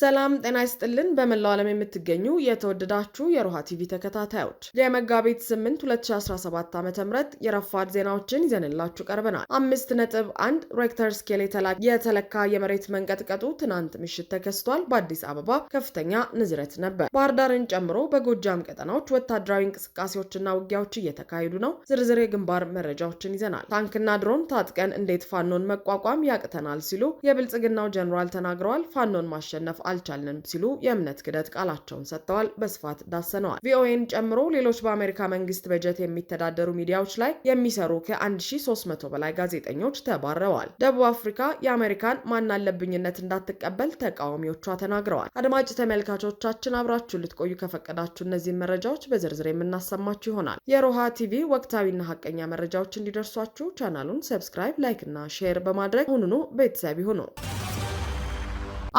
ሰላም ጤና ይስጥልን። በመላው ዓለም የምትገኙ የተወደዳችሁ የሮሃ ቲቪ ተከታታዮች የመጋቢት 8 2017 ዓ ም የረፋድ ዜናዎችን ይዘንላችሁ ቀርበናል። አምስት ነጥብ አንድ ሬክተር ስኬል የተለካ የመሬት መንቀጥቀጡ ትናንት ምሽት ተከስቷል። በአዲስ አበባ ከፍተኛ ንዝረት ነበር። ባህር ዳርን ጨምሮ በጎጃም ቀጠናዎች ወታደራዊ እንቅስቃሴዎችና ውጊያዎች እየተካሄዱ ነው። ዝርዝር የግንባር መረጃዎችን ይዘናል። ታንክና ድሮን ታጥቀን እንዴት ፋኖን መቋቋም ያቅተናል ሲሉ የብልጽግናው ጀኔራል ተናግረዋል። ፋኖን ማሸነፍ አልቻልንም ሲሉ የእምነት ክደት ቃላቸውን ሰጥተዋል። በስፋት ዳሰነዋል። ቪኦኤን ጨምሮ ሌሎች በአሜሪካ መንግስት በጀት የሚተዳደሩ ሚዲያዎች ላይ የሚሰሩ ከ1300 በላይ ጋዜጠኞች ተባረዋል። ደቡብ አፍሪካ የአሜሪካን ማናለብኝነት እንዳትቀበል ተቃዋሚዎቿ ተናግረዋል። አድማጭ ተመልካቾቻችን አብራችሁ ልትቆዩ ከፈቀዳችሁ እነዚህን መረጃዎች በዝርዝር የምናሰማችሁ ይሆናል። የሮሃ ቲቪ ወቅታዊና ሀቀኛ መረጃዎች እንዲደርሷችሁ ቻናሉን ሰብስክራይብ፣ ላይክ እና ሼር በማድረግ አሁኑኑ ቤተሰብ ይሁኑ።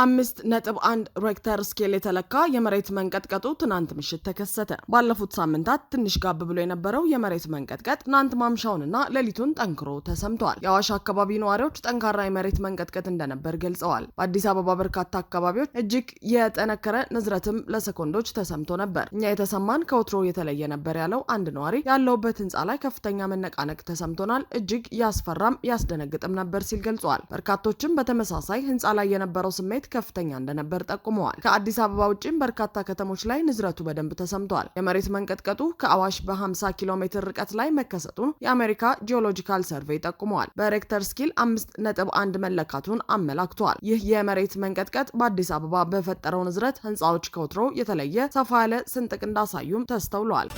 አምስት ነጥብ አንድ ሬክተር ስኬል የተለካ የመሬት መንቀጥቀጡ ትናንት ምሽት ተከሰተ። ባለፉት ሳምንታት ትንሽ ጋብ ብሎ የነበረው የመሬት መንቀጥቀጥ ትናንት ማምሻውንና ሌሊቱን ጠንክሮ ተሰምተዋል። የአዋሽ አካባቢ ነዋሪዎች ጠንካራ የመሬት መንቀጥቀጥ እንደነበር ገልጸዋል። በአዲስ አበባ በርካታ አካባቢዎች እጅግ የጠነከረ ንዝረትም ለሰኮንዶች ተሰምቶ ነበር። እኛ የተሰማን ከወትሮ የተለየ ነበር ያለው አንድ ነዋሪ ያለውበት ህንፃ ላይ ከፍተኛ መነቃነቅ ተሰምቶናል፣ እጅግ ያስፈራም ያስደነግጥም ነበር ሲል ገልጿል። በርካቶችም በተመሳሳይ ህንፃ ላይ የነበረው ስሜት መሬት ከፍተኛ እንደነበር ጠቁመዋል። ከአዲስ አበባ ውጭም በርካታ ከተሞች ላይ ንዝረቱ በደንብ ተሰምቷል። የመሬት መንቀጥቀጡ ከአዋሽ በ50 ኪሎ ሜትር ርቀት ላይ መከሰቱን የአሜሪካ ጂኦሎጂካል ሰርቬይ ጠቁመዋል። በሬክተር ስኪል አንድ መለካቱን አመላክቷል። ይህ የመሬት መንቀጥቀጥ በአዲስ አበባ በፈጠረው ንዝረት ህንፃዎች ከወትሮ የተለየ ሰፋ ያለ ስንጥቅ እንዳሳዩም ተስተውሏል።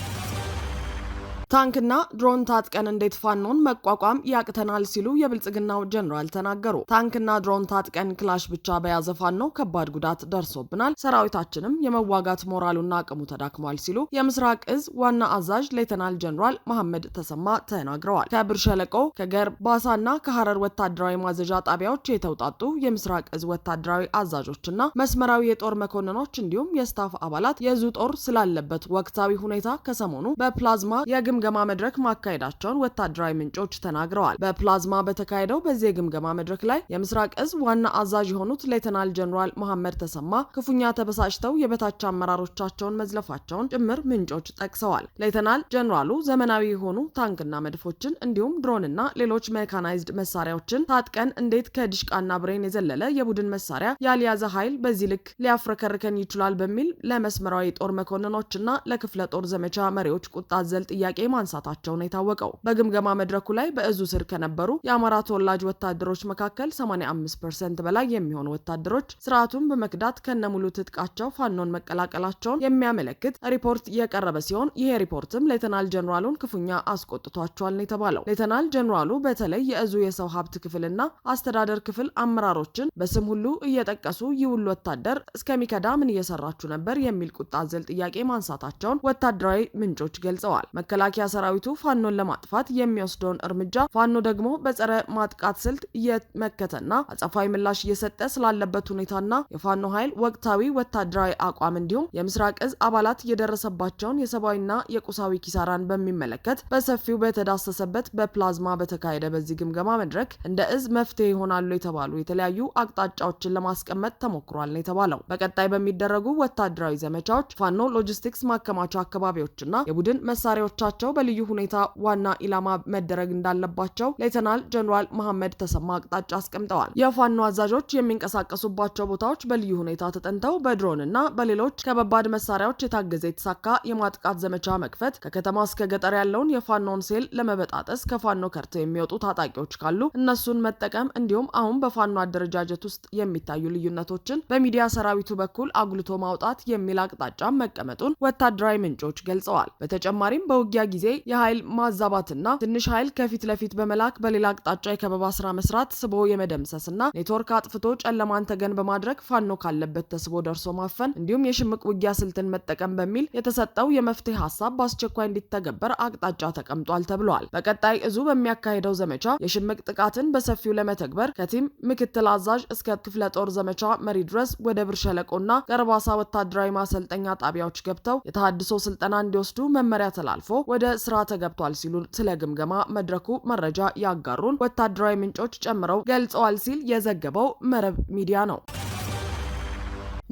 ታንክና ድሮን ታጥቀን እንዴት ፋኖን መቋቋም ያቅተናል ሲሉ የብልጽግናው ጀኔራል ተናገሩ። ታንክና ድሮን ታጥቀን ክላሽ ብቻ በያዘ ፋኖ ከባድ ጉዳት ደርሶብናል፣ ሰራዊታችንም የመዋጋት ሞራሉና አቅሙ ተዳክሟል ሲሉ የምስራቅ እዝ ዋና አዛዥ ሌተናል ጀኔራል መሐመድ ተሰማ ተናግረዋል። ከብር ሸለቆ ከገር ባሳና ከሐረር ወታደራዊ ማዘዣ ጣቢያዎች የተውጣጡ የምስራቅ እዝ ወታደራዊ አዛዦችና መስመራዊ የጦር መኮንኖች እንዲሁም የስታፍ አባላት የዙ ጦር ስላለበት ወቅታዊ ሁኔታ ከሰሞኑ በፕላዝማ የግም የግምገማ መድረክ ማካሄዳቸውን ወታደራዊ ምንጮች ተናግረዋል። በፕላዝማ በተካሄደው በዚህ የግምገማ መድረክ ላይ የምስራቅ እዝ ዋና አዛዥ የሆኑት ሌተናል ጀኔራል መሐመድ ተሰማ ክፉኛ ተበሳጭተው የበታች አመራሮቻቸውን መዝለፋቸውን ጭምር ምንጮች ጠቅሰዋል። ሌተናል ጀኔራሉ ዘመናዊ የሆኑ ታንክና መድፎችን እንዲሁም ድሮንና ሌሎች ሜካናይዝድ መሳሪያዎችን ታጥቀን እንዴት ከዲሽቃና ብሬን የዘለለ የቡድን መሳሪያ ያልያዘ ኃይል በዚህ ልክ ሊያፍረከርከን ይችላል በሚል ለመስመራዊ ጦር መኮንኖችና ለክፍለ ጦር ዘመቻ መሪዎች ቁጣ ዘል ጥያቄ ማንሳታቸው ነው የታወቀው። በግምገማ መድረኩ ላይ በእዙ ስር ከነበሩ የአማራ ተወላጅ ወታደሮች መካከል 85 ፐርሰንት በላይ የሚሆኑ ወታደሮች ስርዓቱን በመክዳት ከነሙሉ ትጥቃቸው ፋኖን መቀላቀላቸውን የሚያመለክት ሪፖርት የቀረበ ሲሆን ይሄ ሪፖርትም ሌተናል ጀኔራሉን ክፉኛ አስቆጥቷቸዋል ነው የተባለው። ሌተናል ጀኔራሉ በተለይ የእዙ የሰው ሀብት ክፍልና አስተዳደር ክፍል አመራሮችን በስም ሁሉ እየጠቀሱ ይውል ወታደር እስከሚከዳ ምን እየሰራችሁ ነበር የሚል ቁጣ ዘል ጥያቄ ማንሳታቸውን ወታደራዊ ምንጮች ገልጸዋል። መከላከያ መከላከያ ሰራዊቱ ፋኖን ለማጥፋት የሚወስደውን እርምጃ ፋኖ ደግሞ በጸረ ማጥቃት ስልት እየመከተና አጸፋዊ ምላሽ እየሰጠ ስላለበት ሁኔታና የፋኖ ኃይል ወቅታዊ ወታደራዊ አቋም እንዲሁም የምስራቅ እዝ አባላት የደረሰባቸውን የሰብአዊና የቁሳዊ ኪሳራን በሚመለከት በሰፊው በተዳሰሰበት በፕላዝማ በተካሄደ በዚህ ግምገማ መድረክ እንደ እዝ መፍትሄ ይሆናሉ የተባሉ የተለያዩ አቅጣጫዎችን ለማስቀመጥ ተሞክሯል ነው የተባለው። በቀጣይ በሚደረጉ ወታደራዊ ዘመቻዎች ፋኖ ሎጂስቲክስ ማከማቻ አካባቢዎችና የቡድን መሳሪያዎቻቸው ጦራቸው በልዩ ሁኔታ ዋና ኢላማ መደረግ እንዳለባቸው ሌተናል ጀኔራል መሐመድ ተሰማ አቅጣጫ አስቀምጠዋል። የፋኖ አዛዦች የሚንቀሳቀሱባቸው ቦታዎች በልዩ ሁኔታ ተጠንተው በድሮን እና በሌሎች ከበባድ መሳሪያዎች የታገዘ የተሳካ የማጥቃት ዘመቻ መክፈት፣ ከከተማ እስከ ገጠር ያለውን የፋኖን ሴል ለመበጣጠስ ከፋኖ ከርተው የሚወጡ ታጣቂዎች ካሉ እነሱን መጠቀም እንዲሁም አሁን በፋኖ አደረጃጀት ውስጥ የሚታዩ ልዩነቶችን በሚዲያ ሰራዊቱ በኩል አጉልቶ ማውጣት የሚል አቅጣጫ መቀመጡን ወታደራዊ ምንጮች ገልጸዋል። በተጨማሪም በውጊያ ጊዜ የኃይል ማዛባትና ትንሽ ኃይል ከፊት ለፊት በመላክ በሌላ አቅጣጫ የከበባ ስራ መስራት፣ ስቦ የመደምሰስና ኔትወርክ አጥፍቶ ጨለማን ተገን በማድረግ ፋኖ ካለበት ተስቦ ደርሶ ማፈን እንዲሁም የሽምቅ ውጊያ ስልትን መጠቀም በሚል የተሰጠው የመፍትሄ ሀሳብ በአስቸኳይ እንዲተገበር አቅጣጫ ተቀምጧል ተብሏል። በቀጣይ እዙ በሚያካሄደው ዘመቻ የሽምቅ ጥቃትን በሰፊው ለመተግበር ከቲም ምክትል አዛዥ እስከ ክፍለ ጦር ዘመቻ መሪ ድረስ ወደ ብር ሸለቆና ገርባሳ ወታደራዊ ማሰልጠኛ ጣቢያዎች ገብተው የተሃድሶ ስልጠና እንዲወስዱ መመሪያ ተላልፎ ወደ ስራ ተገብቷል ሲሉን ስለ ግምገማ መድረኩ መረጃ ያጋሩን ወታደራዊ ምንጮች ጨምረው ገልጸዋል ሲል የዘገበው መረብ ሚዲያ ነው።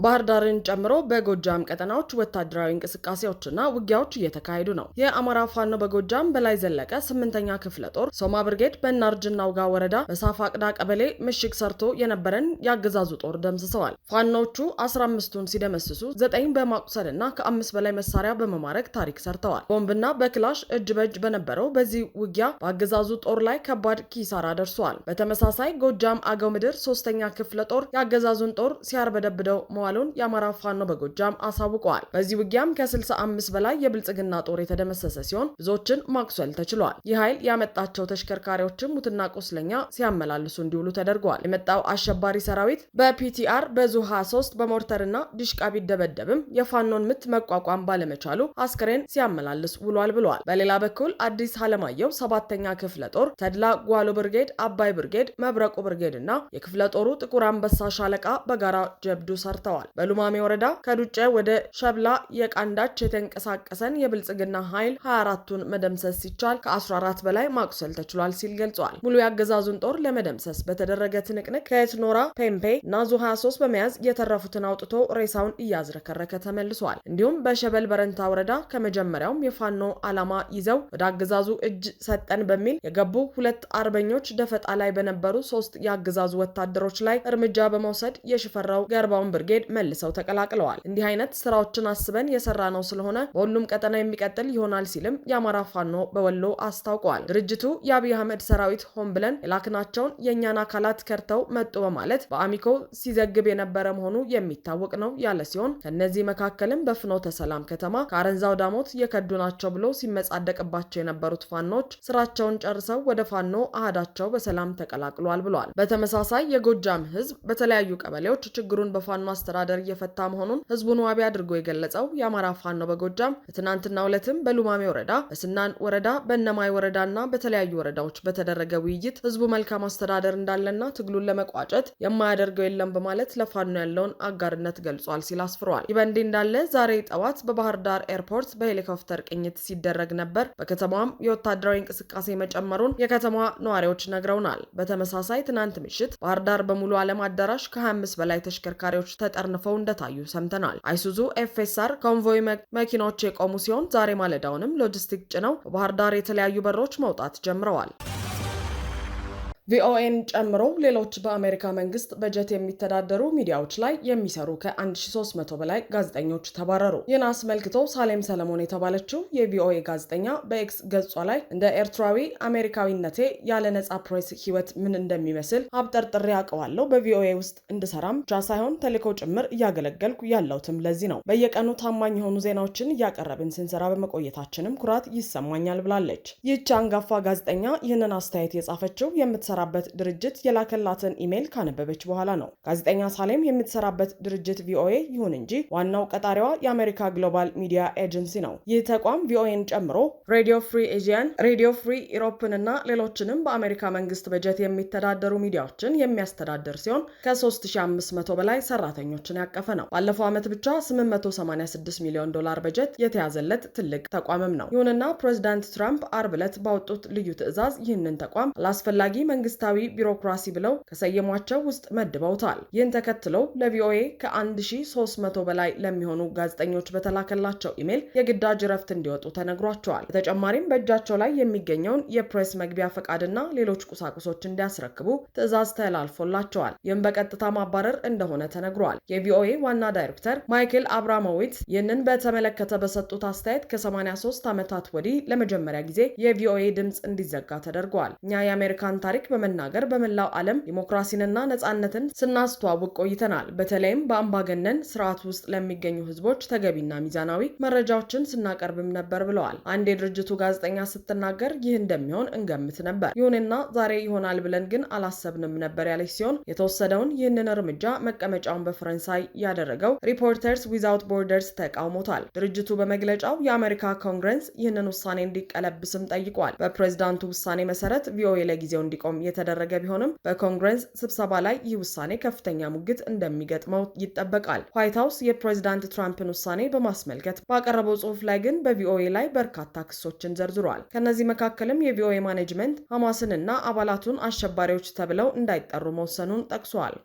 ባህር ዳርን ጨምሮ በጎጃም ቀጠናዎች ወታደራዊ እንቅስቃሴዎችና ውጊያዎች እየተካሄዱ ነው። የአማራ ፋኖ በጎጃም በላይ ዘለቀ ስምንተኛ ክፍለ ጦር ሶማ ብርጌድ በናርጅና ውጋ ወረዳ አቅዳ ቀበሌ ምሽግ ሰርቶ የነበረን የአገዛዙ ጦር ደምስሰዋል። ፋኖቹ አስራ አምስቱን ሲደመስሱ ዘጠኝ በማቁሰልና ከአምስት በላይ መሳሪያ በመማረክ ታሪክ ሰርተዋል። ቦምብና በክላሽ እጅ በእጅ በነበረው በዚህ ውጊያ በአገዛዙ ጦር ላይ ከባድ ኪሳራ ደርሷል። በተመሳሳይ ጎጃም አገው ምድር ሶስተኛ ክፍለ ጦር የአገዛዙን ጦር ሲያርበደብደው መዋል የተባለውን የአማራ ፋኖ በጎጃም አሳውቀዋል። በዚህ ውጊያም ከ65 በላይ የብልጽግና ጦር የተደመሰሰ ሲሆን ብዙዎችን ማቁሰል ተችሏል። ይህ ኃይል ያመጣቸው ተሽከርካሪዎችም ሙትና ቁስለኛ ሲያመላልሱ እንዲውሉ ተደርገዋል። የመጣው አሸባሪ ሰራዊት በፒቲአር በዙ 23 በሞርተርና ዲሽቃ ቢደበደብም የፋኖን ምት መቋቋም ባለመቻሉ አስክሬን ሲያመላልስ ውሏል ብለዋል። በሌላ በኩል አዲስ አለማየሁ ሰባተኛ ክፍለ ጦር ተድላ ጓሎ ብርጌድ፣ አባይ ብርጌድ፣ መብረቁ ብርጌድ እና የክፍለ ጦሩ ጥቁር አንበሳ ሻለቃ በጋራ ጀብዱ ሰርተዋል። ገልጸዋል። በሉማሜ ወረዳ ከዱጨ ወደ ሸብላ የቃንዳች የተንቀሳቀሰን የብልጽግና ኃይል 24ቱን መደምሰስ ሲቻል ከ14 በላይ ማቁሰል ተችሏል ሲል ገልጿል። ሙሉ የአገዛዙን ጦር ለመደምሰስ በተደረገ ትንቅንቅ ከየትኖራ ፔምፔ እና 23 በመያዝ የተረፉትን አውጥቶ ሬሳውን እያዝረከረከ ተመልሷል። እንዲሁም በሸበል በረንታ ወረዳ ከመጀመሪያውም የፋኖ ዓላማ ይዘው ወደ አገዛዙ እጅ ሰጠን በሚል የገቡ ሁለት አርበኞች ደፈጣ ላይ በነበሩ ሶስት የአገዛዙ ወታደሮች ላይ እርምጃ በመውሰድ የሽፈራው ገርባውን ብርጌድ መልሰው ተቀላቅለዋል። እንዲህ አይነት ስራዎችን አስበን የሰራ ነው ስለሆነ በሁሉም ቀጠና የሚቀጥል ይሆናል ሲልም የአማራ ፋኖ በወሎ አስታውቀዋል። ድርጅቱ የአብይ አህመድ ሰራዊት ሆን ብለን የላክናቸውን የእኛን አካላት ከርተው መጡ በማለት በአሚኮ ሲዘግብ የነበረ መሆኑ የሚታወቅ ነው ያለ ሲሆን ከእነዚህ መካከልም በፍኖተ ሰላም ከተማ ከአረንዛው ዳሞት የከዱ ናቸው ብሎ ሲመጻደቅባቸው የነበሩት ፋኖች ስራቸውን ጨርሰው ወደ ፋኖ አህዳቸው በሰላም ተቀላቅሏል ብሏል። በተመሳሳይ የጎጃም ህዝብ በተለያዩ ቀበሌዎች ችግሩን በፋኖ አስተራ አስተዳደር እየፈታ መሆኑን ህዝቡን ዋቢ አድርጎ የገለጸው የአማራ ፋኖ በጎጃም በትናንትናው ዕለትም በሉማሜ ወረዳ፣ በስናን ወረዳ፣ በእነማይ ወረዳና በተለያዩ ወረዳዎች በተደረገ ውይይት ህዝቡ መልካም አስተዳደር እንዳለና ትግሉን ለመቋጨት የማያደርገው የለም በማለት ለፋኖ ያለውን አጋርነት ገልጿል ሲል አስፍሯል። ይህ በእንዲህ እንዳለ ዛሬ ጠዋት በባህር ዳር ኤርፖርት በሄሊኮፕተር ቅኝት ሲደረግ ነበር። በከተማዋም የወታደራዊ እንቅስቃሴ መጨመሩን የከተማዋ ነዋሪዎች ነግረውናል። በተመሳሳይ ትናንት ምሽት ባህር ዳር በሙሉ ዓለም አዳራሽ ከ25 በላይ ተሽከርካሪዎች ተጠ ተጠርንፈው እንደታዩ ሰምተናል። አይሱዙ ኤፍኤስአር ኮንቮይ መኪናዎች የቆሙ ሲሆን ዛሬ ማለዳውንም ሎጂስቲክ ጭነው በባህር ዳር የተለያዩ በሮች መውጣት ጀምረዋል። ቪኦኤን ጨምሮ ሌሎች በአሜሪካ መንግስት በጀት የሚተዳደሩ ሚዲያዎች ላይ የሚሰሩ ከ1300 በላይ ጋዜጠኞች ተባረሩ። ይህን አስመልክቶ ሳሌም ሰለሞን የተባለችው የቪኦኤ ጋዜጠኛ በኤክስ ገጿ ላይ እንደ ኤርትራዊ አሜሪካዊነቴ ያለ ነጻ ፕሬስ ህይወት ምን እንደሚመስል አብጠርጥሬ አውቀዋለሁ። በቪኦኤ ውስጥ እንድሰራም ብቻ ሳይሆን ተልእኮ ጭምር እያገለገልኩ ያለሁትም ለዚህ ነው። በየቀኑ ታማኝ የሆኑ ዜናዎችን እያቀረብን ስንሰራ በመቆየታችንም ኩራት ይሰማኛል ብላለች። ይህች አንጋፋ ጋዜጠኛ ይህንን አስተያየት የጻፈችው የምትሰራ የምትሰራበት ድርጅት የላከላትን ኢሜይል ካነበበች በኋላ ነው። ጋዜጠኛ ሳሌም የምትሰራበት ድርጅት ቪኦኤ ይሁን እንጂ ዋናው ቀጣሪዋ የአሜሪካ ግሎባል ሚዲያ ኤጀንሲ ነው። ይህ ተቋም ቪኦኤን ጨምሮ ሬዲዮ ፍሪ ኤዥያን፣ ሬዲዮ ፍሪ ኢሮፕን እና ሌሎችንም በአሜሪካ መንግስት በጀት የሚተዳደሩ ሚዲያዎችን የሚያስተዳድር ሲሆን ከ3500 በላይ ሰራተኞችን ያቀፈ ነው። ባለፈው ዓመት ብቻ 886 ሚሊዮን ዶላር በጀት የተያዘለት ትልቅ ተቋምም ነው። ይሁንና ፕሬዚዳንት ትራምፕ አርብ ዕለት ባወጡት ልዩ ትዕዛዝ ይህንን ተቋም አላስፈላጊ መንግስት መንግስታዊ ቢሮክራሲ ብለው ከሰየሟቸው ውስጥ መድበውታል። ይህን ተከትለው ለቪኦኤ ከ1300 በላይ ለሚሆኑ ጋዜጠኞች በተላከላቸው ኢሜይል የግዳጅ እረፍት እንዲወጡ ተነግሯቸዋል። በተጨማሪም በእጃቸው ላይ የሚገኘውን የፕሬስ መግቢያ ፈቃድና ሌሎች ቁሳቁሶች እንዲያስረክቡ ትዕዛዝ ተላልፎላቸዋል። ይህም በቀጥታ ማባረር እንደሆነ ተነግሯል። የቪኦኤ ዋና ዳይሬክተር ማይክል አብራሞዊት ይህንን በተመለከተ በሰጡት አስተያየት ከ83 ዓመታት ወዲህ ለመጀመሪያ ጊዜ የቪኦኤ ድምፅ እንዲዘጋ ተደርጓል። እኛ የአሜሪካን ታሪክ በመናገር በመላው ዓለም ዲሞክራሲንና ነጻነትን ስናስተዋውቅ ቆይተናል። በተለይም በአምባገነን ስርዓት ውስጥ ለሚገኙ ህዝቦች ተገቢና ሚዛናዊ መረጃዎችን ስናቀርብም ነበር ብለዋል። አንድ የድርጅቱ ጋዜጠኛ ስትናገር ይህ እንደሚሆን እንገምት ነበር፣ ይሁንና ዛሬ ይሆናል ብለን ግን አላሰብንም ነበር ያለች ሲሆን የተወሰደውን ይህንን እርምጃ መቀመጫውን በፈረንሳይ ያደረገው ሪፖርተርስ ዊዛውት ቦርደርስ ተቃውሞታል። ድርጅቱ በመግለጫው የአሜሪካ ኮንግረስ ይህንን ውሳኔ እንዲቀለብስም ጠይቋል። በፕሬዚዳንቱ ውሳኔ መሰረት ቪኦኤ ለጊዜው እንዲቆም የተደረገ ቢሆንም በኮንግረስ ስብሰባ ላይ ይህ ውሳኔ ከፍተኛ ሙግት እንደሚገጥመው ይጠበቃል። ዋይት ሀውስ የፕሬዚዳንት ትራምፕን ውሳኔ በማስመልከት ባቀረበው ጽሑፍ ላይ ግን በቪኦኤ ላይ በርካታ ክሶችን ዘርዝሯል። ከእነዚህ መካከልም የቪኦኤ ማኔጅመንት ሐማስንና አባላቱን አሸባሪዎች ተብለው እንዳይጠሩ መወሰኑን ጠቅሷል።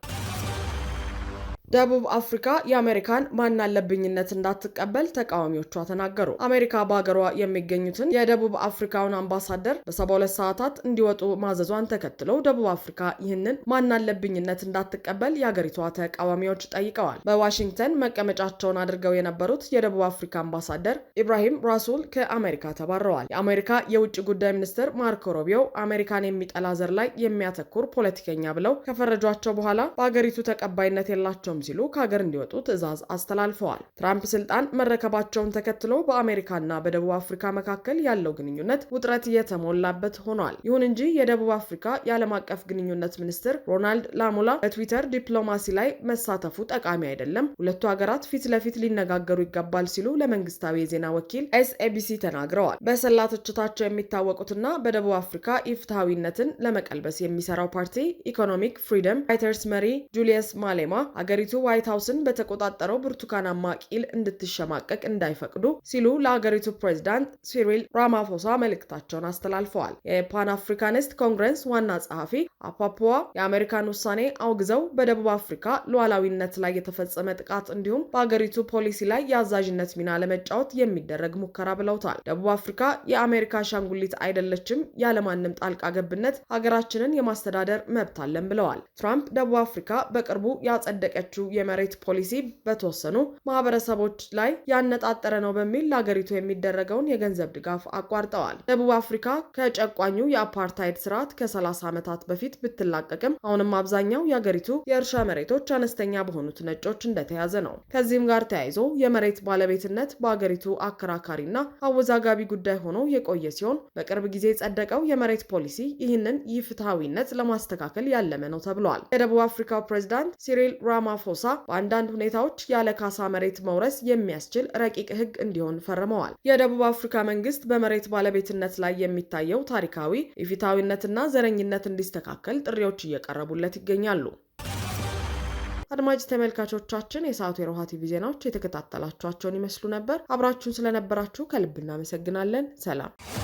ደቡብ አፍሪካ የአሜሪካን ማናለብኝነት እንዳትቀበል ተቃዋሚዎቿ ተናገሩ። አሜሪካ በሀገሯ የሚገኙትን የደቡብ አፍሪካውን አምባሳደር በሰባ ሁለት ሰዓታት እንዲወጡ ማዘዟን ተከትለው ደቡብ አፍሪካ ይህንን ማናለብኝነት እንዳትቀበል የአገሪቷ ተቃዋሚዎች ጠይቀዋል። በዋሽንግተን መቀመጫቸውን አድርገው የነበሩት የደቡብ አፍሪካ አምባሳደር ኢብራሂም ራሱል ከአሜሪካ ተባረዋል። የአሜሪካ የውጭ ጉዳይ ሚኒስትር ማርኮ ሮቢዮ አሜሪካን የሚጠላ ዘር ላይ የሚያተኩር ፖለቲከኛ ብለው ከፈረጇቸው በኋላ በአገሪቱ ተቀባይነት የላቸው ናቸውም ሲሉ ከሀገር እንዲወጡ ትዕዛዝ አስተላልፈዋል። ትራምፕ ስልጣን መረከባቸውን ተከትሎ በአሜሪካና በደቡብ አፍሪካ መካከል ያለው ግንኙነት ውጥረት የተሞላበት ሆኗል። ይሁን እንጂ የደቡብ አፍሪካ የዓለም አቀፍ ግንኙነት ሚኒስትር ሮናልድ ላሙላ በትዊተር ዲፕሎማሲ ላይ መሳተፉ ጠቃሚ አይደለም፣ ሁለቱ ሀገራት ፊት ለፊት ሊነጋገሩ ይገባል ሲሉ ለመንግስታዊ የዜና ወኪል ኤስኤቢሲ ተናግረዋል። በሰላ ትችታቸው የሚታወቁትና በደቡብ አፍሪካ ኢፍትሐዊነትን ለመቀልበስ የሚሰራው ፓርቲ ኢኮኖሚክ ፍሪደም ፋይተርስ መሪ ጁሊየስ ማሌማ አገሪ ሀገሪቱ ዋይት ሀውስን በተቆጣጠረው ብርቱካናማ ቂል እንድትሸማቀቅ እንዳይፈቅዱ ሲሉ ለሀገሪቱ ፕሬዚዳንት ሲሪል ራማፎሳ መልእክታቸውን አስተላልፈዋል። የፓን አፍሪካኒስት ኮንግረስ ዋና ጸሐፊ አፓፖዋ የአሜሪካን ውሳኔ አውግዘው በደቡብ አፍሪካ ሉዓላዊነት ላይ የተፈጸመ ጥቃት እንዲሁም በሀገሪቱ ፖሊሲ ላይ የአዛዥነት ሚና ለመጫወት የሚደረግ ሙከራ ብለውታል። ደቡብ አፍሪካ የአሜሪካ አሻንጉሊት አይደለችም፣ ያለማንም ጣልቃ ገብነት ሀገራችንን የማስተዳደር መብት አለን ብለዋል። ትራምፕ ደቡብ አፍሪካ በቅርቡ ያጸደቀችው ያካሄደችው የመሬት ፖሊሲ በተወሰኑ ማህበረሰቦች ላይ ያነጣጠረ ነው በሚል ለሀገሪቱ የሚደረገውን የገንዘብ ድጋፍ አቋርጠዋል። ደቡብ አፍሪካ ከጨቋኙ የአፓርታይድ ስርዓት ከ30 ዓመታት በፊት ብትላቀቅም አሁንም አብዛኛው የሀገሪቱ የእርሻ መሬቶች አነስተኛ በሆኑት ነጮች እንደተያዘ ነው። ከዚህም ጋር ተያይዞ የመሬት ባለቤትነት በሀገሪቱ አከራካሪና አወዛጋቢ ጉዳይ ሆኖ የቆየ ሲሆን በቅርብ ጊዜ የጸደቀው የመሬት ፖሊሲ ይህንን ይፍትሐዊነት ለማስተካከል ያለመ ነው ተብሏል። የደቡብ አፍሪካው ፕሬዚዳንት ሲሪል ራማ ፎሳ በአንዳንድ ሁኔታዎች ያለ ካሳ መሬት መውረስ የሚያስችል ረቂቅ ሕግ እንዲሆን ፈርመዋል። የደቡብ አፍሪካ መንግስት በመሬት ባለቤትነት ላይ የሚታየው ታሪካዊ ኢፍትሐዊነትና ዘረኝነት እንዲስተካከል ጥሪዎች እየቀረቡለት ይገኛሉ። አድማጭ ተመልካቾቻችን የሰዓቱ የሮሃ ቲቪ ዜናዎች የተከታተላችኋቸውን ይመስሉ ነበር። አብራችሁን ስለነበራችሁ ከልብ እናመሰግናለን። ሰላም